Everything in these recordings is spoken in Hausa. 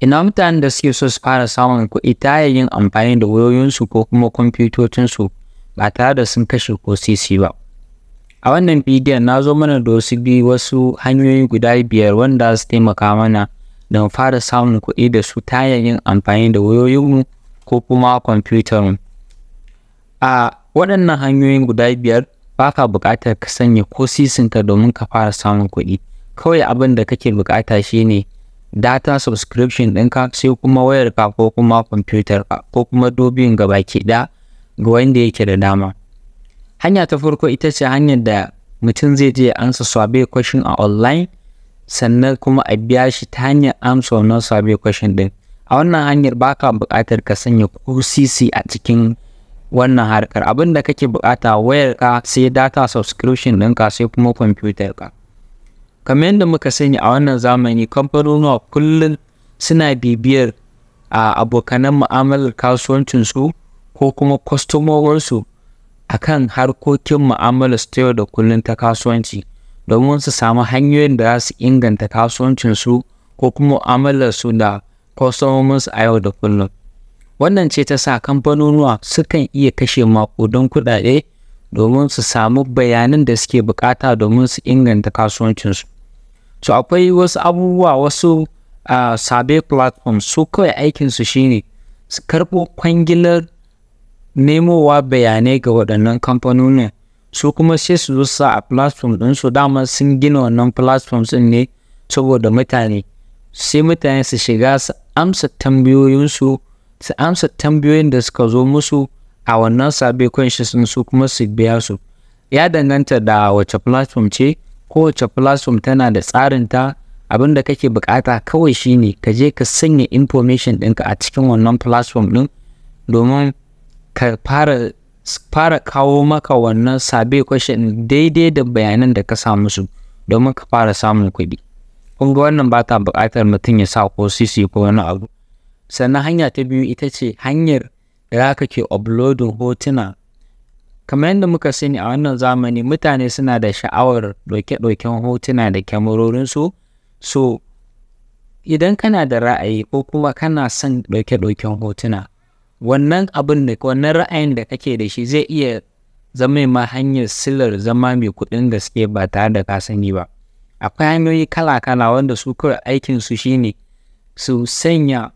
ina mutanen da suke so su fara samun kuɗi ta yin amfani da wayoyinsu ko kuma kwamfutocinsu ba tare da sun kashe ko CC ba a wannan bidiyon na zo mana da wasu bi wasu hanyoyi guda biyar wanda su taimaka mana don fara samun kuɗi da su ta yin amfani da wayoyinmu ko kuma kwamfutarmu a waɗannan hanyoyin guda biyar ba ka buƙatar ka sanya ko domin ka fara samun kuɗi kawai abin da kake buƙata shine ne data subscription ɗinka sai kuma wayarka ko kuma ka, ko kuma dobin ke ɗaya ga wanda yake da dama hanya ta farko ita ce hanyar da mutum zai je ansa swabe question a online sannan kuma a biya shi ta hanyar amsa wannan swabe question ɗin a wannan hanyar baka buƙatar ka sanya ko a cikin wannan harkar abin da kake buƙata wayarka sai data subscription ɗinka sai kuma ka. kamar yadda muka sani a wannan zamani kamfanonuwa kullum suna bibiyar a abokanan mu'amalar kasuwancinsu ko kuma kwastomowarsu a kan harkokin mu'amalar ta yau da kullum ta kasuwanci domin su samu hanyoyin da za su inganta kasuwancinsu ko kuma mu'amalarsu da kwastomominsu a yau da kullum wannan ce ta sa kamfanonuwa sukan iya kashe maƙudan kuɗaɗe domin su samu bayanan da suke bukata domin su inganta kasuwancinsu to akwai wasu abubuwa wasu a sabe platform su kawai aikinsu shine su karɓo kwangilar nemowa bayanai ga waɗannan kamfanonin su kuma sai su zo sa a platform ɗinsu dama sun gina wannan platform ɗin ne saboda mutane sai mutane su shiga su amsa tambayoyinsu su amsa tambayoyin da suka zo musu a wannan sabe sun su kuma su biya su ya danganta da wace platform ce kowace platform tana da tsarin ta, abin da kake bukata kawai shine ka je ka sanya information ɗinka a cikin wannan platform ɗin domin ka fara fara kawo maka wannan sabe question daidai da bayanan da ka samu su domin ka fara samun kuɗi kun ga wannan ba buƙatar mutum ya sa ko cc ko wani abu sannan hanya ta biyu ita ce hanyar da kake ke uploading hotuna kamar yadda muka sani a wannan zamani mutane suna da sha'awar ɗauke-ɗauken hotuna da kyamarorinsu so idan kana da ra'ayi ko kuma kana son ɗauke-ɗauken hotuna wannan abin da wannan ra'ayin da kake da shi zai iya zama ma hanyar silar zama mai kuɗin gaske ba tare da ka sani ba akwai hanyoyi kala-kala wanda su kawai aikin su shine su sanya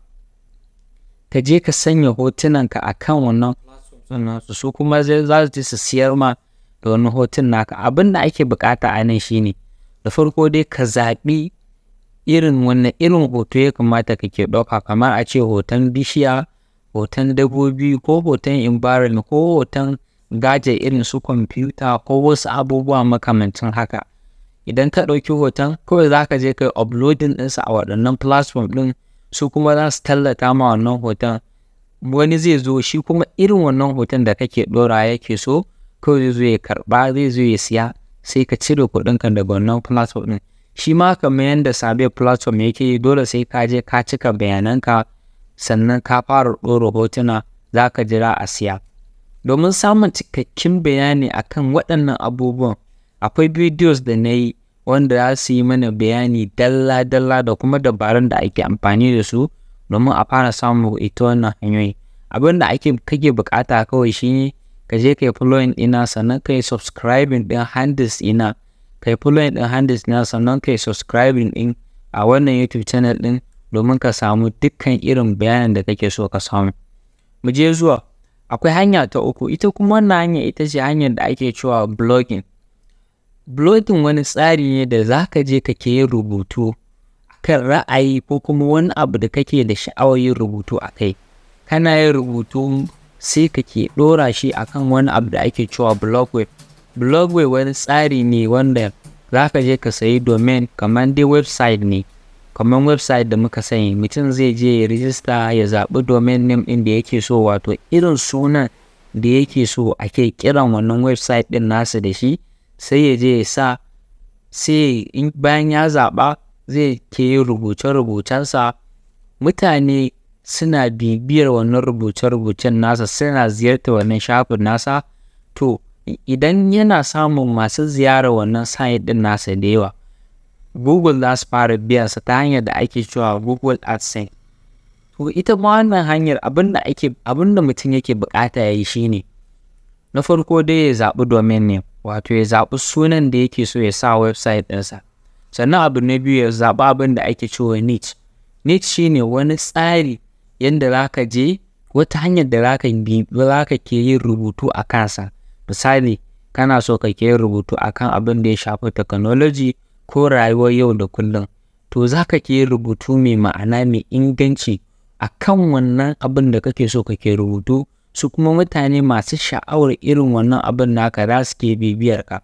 ka je ka sanya hotunanka a kan wannan sannan su kuma zai za su su siyar ma da wani hotun naka abin da ake bukata a nan shine da farko dai ka zaɓi irin wannan irin hoto ya kamata ka ke ɗauka kamar a ce hoton bishiya hoton dabbobi, ko hoton environment ko hoton gaje irin su kwamfuta ko wasu abubuwa makamancin haka idan ka ɗauki hoton kawai za ka je ka yi uploading ɗinsa a waɗannan platform ɗin su kuma za su tallata ma wannan hoton wani zai zo shi kuma irin wannan hoton da kake ɗora yake so kawai zai zo ya karɓa zai zo ya siya sai ka cire kuɗinka daga wannan platform ɗin shi ma kamar yadda sabe platform yake dole sai ka je ka cika bayananka sannan ka fara ɗora hotuna za ka jira a siya domin samun cikakken bayani akan waɗannan abubuwan akwai videos da na yi wanda za su yi mana bayani dalla-dalla da kuma dabarun da ake amfani da su domin a fara samun ita wannan hanyoyi abin da ake kake bukata kawai shine ka je kai following ina sannan kai subscribing din handles ina kai following din handles ina sannan kai subscribing din a wannan YouTube channel din domin ka samu dukkan irin bayanan da kake so ka samu mu je zuwa akwai hanya ta uku ita kuma wannan hanya ita ce hanyar da ake cewa blogging blogging wani tsari ne da zaka je ka ke rubutu kan ra'ayi ko kuma wani abu da kake da sha'awar yin rubutu a kai kana yin rubutu sai kake ɗora shi akan wani abu da ake cewa blogweb blogweb wani tsari ne wanda za ka je ka sayi domain kamar dai website ne kamar website da muka sani mutum zai je ya rijista ya zaɓi domain name ɗin da yake so wato irin sunan da yake so ake kiran wannan website ɗin nasa da shi sai ya je ya sa sai bayan ya zaɓa zai ke yin rubuce-rubucensa mutane suna bibiyar wannan rubuce-rubucen nasa suna ziyarta wannan shafin nasa to idan yana samun masu ziyara wannan site din nasa da yawa google za su fara biyansa ta hanyar da ake cewa google adsense to ita ma wannan hanyar abinda da abinda mutum yake bukata ya yi shine na farko dai ya zaɓi domain name wato ya zaɓi sunan da yake so ya sa website ɗinsa sannan abu na biyu ya zaɓi abin da ake cewa niche niche shine wani tsari yadda za ka je wata hanyar da za ka ke yin rubutu a kansa misali kana so ka ke yin rubutu a kan abin da ya shafi technology ko rayuwar yau da kullum to za ka ke yin rubutu mai ma'ana mai inganci a kan wannan abin da kake so ka ke rubutu su kuma mutane masu sha'awar irin wannan abin naka za su ke bibiyar ka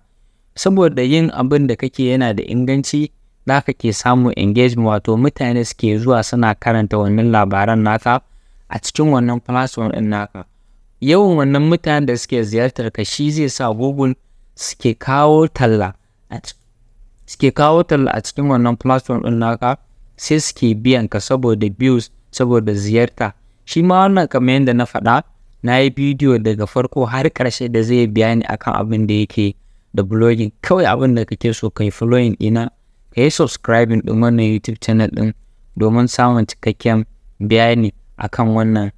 saboda yin abin da kake yana da inganci za ka ke samu engagement wato mutane suke zuwa suna karanta wannan labaran naka a cikin wannan platform ɗin naka yawan wannan mutanen da suke ziyartar ka shi zai sa google suke kawo talla suke kawo talla a cikin wannan platform ɗin naka sai suke biyan ka saboda views saboda ziyarta shi ma wannan kamar yadda na faɗa na yi bidiyo daga farko har ƙarshe da zai biya ni akan abin da yake da blogging kawai abin da kake so kai yi following ina ka yi subscribing ɗin wannan YouTube channel ɗin domin samun cikakken bayani akan wannan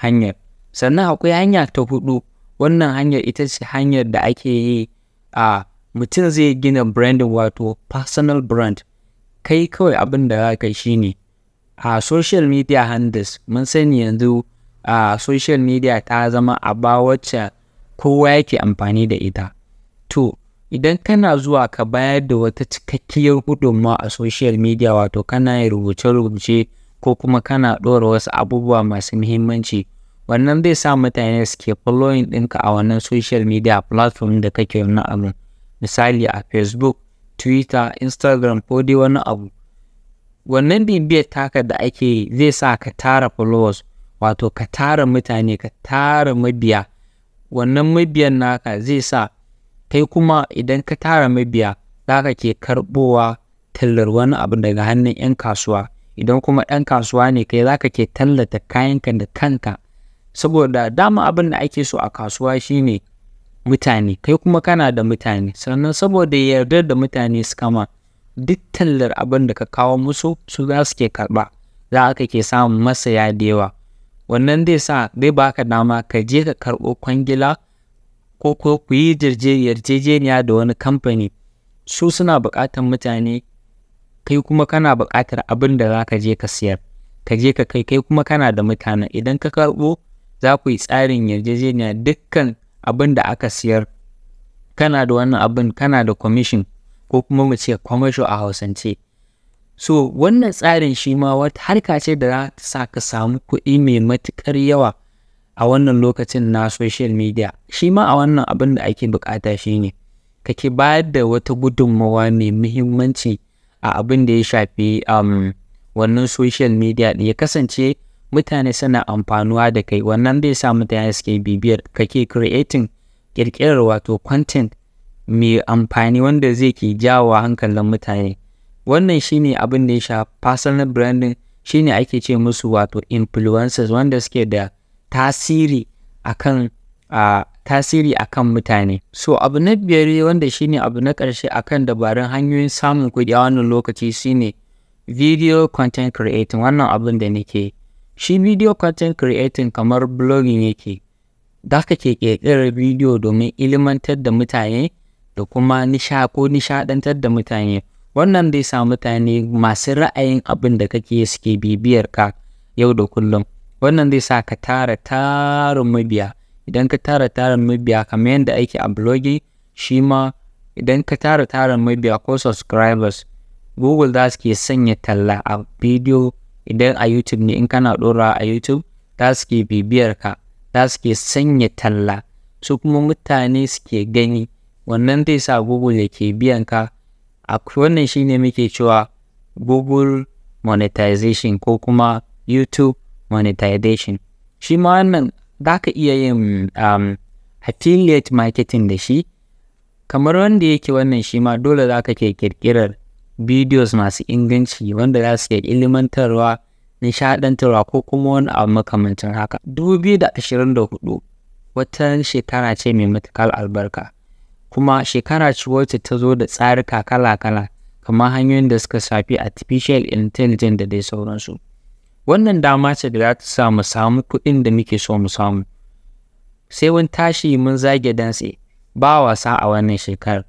hanyar. Sannan akwai hanya ta hudu wannan hanyar ita ce hanyar da ake yi a mutum zai gina branding wato personal brand kai kawai abin da za ka shi ne a social media handles mun sani yanzu a social media ta zama a ba wacce kowa yake amfani da ita to idan kana zuwa ka bayar da wata cikakkiyar gudunmawa a social media wato kana yin rubuce-rubuce ko kuma kana ɗora wasu abubuwa masu muhimmanci wannan zai sa mutane suke following ɗinka a wannan social media platform da kake wani abu misali a facebook twitter instagram ko dai wani abu wannan bibiyar taka da ake zai sa ka tara followers wato ka tara mutane ka tara mabiya wannan mabiyan naka zai sa kai kuma idan ka tara mabiya za ka ke karɓowa tallar wani abu daga hannun 'yan kasuwa idan kuma 'yan kasuwa ne kai za ka ke tallata kayanka da kanka saboda dama abin da ake so a kasuwa shine mutane kai kuma kana da mutane sannan saboda yardar da mutane su kama duk tallar abin da ka kawo musu su za su ke karɓa za ka ke samun masaya da yawa wannan zai sa zai baka dama ka je ka karɓo kwangila ko ko ku yi yarjejeniya da wani kamfani su suna buƙatar mutane kai kuma kana buƙatar abin da za ka je ka siyar ka je ka kai kai kuma kana da mutane idan ka karɓo za ku yi tsarin yarjejeniya dukkan abin da aka siyar kana da wannan abin kana da commission ko kuma mu ce commercial a hausance so wannan tsarin shi ma wata harka ce da za ta sa ka samu kuɗi mai matuƙar yawa a wannan lokacin na social media shi ma a wannan abin da ake bukata shine kake bayar da wata gudunmawa mai muhimmanci a abin da ya shafi um, wannan social media ya kasance mutane suna amfanuwa da kai wannan zai sa mutane suke bibiyar kake creating kirkirar wato content mai amfani wanda zai ke jawo hankalin mutane wannan shine abin da ya sha personal branding shine ake ce musu wato influencers wanda suke da tasiri akan a tasiri akan mutane so abu na biyar wanda shine abu na ƙarshe akan dabarun hanyoyin samun kuɗi a wannan lokaci shine video content creating wannan abin da nake shi video content creating kamar blogging yake da ka ke ƙirƙirar bidiyo domin ilimantar da mutane da kuma nisha ko nishaɗantar da mutane wannan dai sa mutane masu ra'ayin abin da kake suke bibiyar ka yau da kullum wannan zai sa ka tara tarin mabiya idan ka tara tarin mabiya kamar yadda ake a blogi shi ma idan ka tara tarin mabiya ko subscribers google za su ke sanya talla a bidiyo idan a youtube ne in kana ɗora a youtube za su ke bibiyar ka za su ke sanya talla su kuma mutane su ke gani wannan zai sa google ya ke biyan ka a wannan shine muke cewa google monetization ko kuma youtube monetization shi ma wannan za ka iya yin um, affiliate marketing da shi kamar wanda yake wannan shi ma dole za ka ke kirkirar videos masu inganci wanda za su iya ilimantarwa nishadantarwa ko kuma wani abu makamancin haka 2024 wata shekara ce mai matukar albarka kuma shekara ce wacce ta zo da tsarika kala-kala kamar hanyoyin da suka shafi artificial intelligence da dai sauransu wannan dama ce da za ta sa mu samu kuɗin da muke so mu samu sai wani tashi mun zage dantse ba wasa a wannan shekarar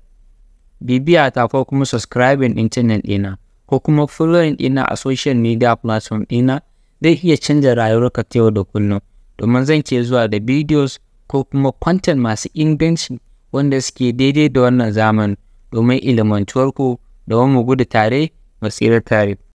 bibiya ta ko kuma subscribing internet ɗina ko kuma following ɗina a social media platform ɗina zai iya canza rayuwarka ta yau da kullum domin zan ke zuwa da videos ko kuma content masu inganci wanda suke daidai da wannan zamani domin ilimantuwar ku wani mu gudu tare mu tsira tare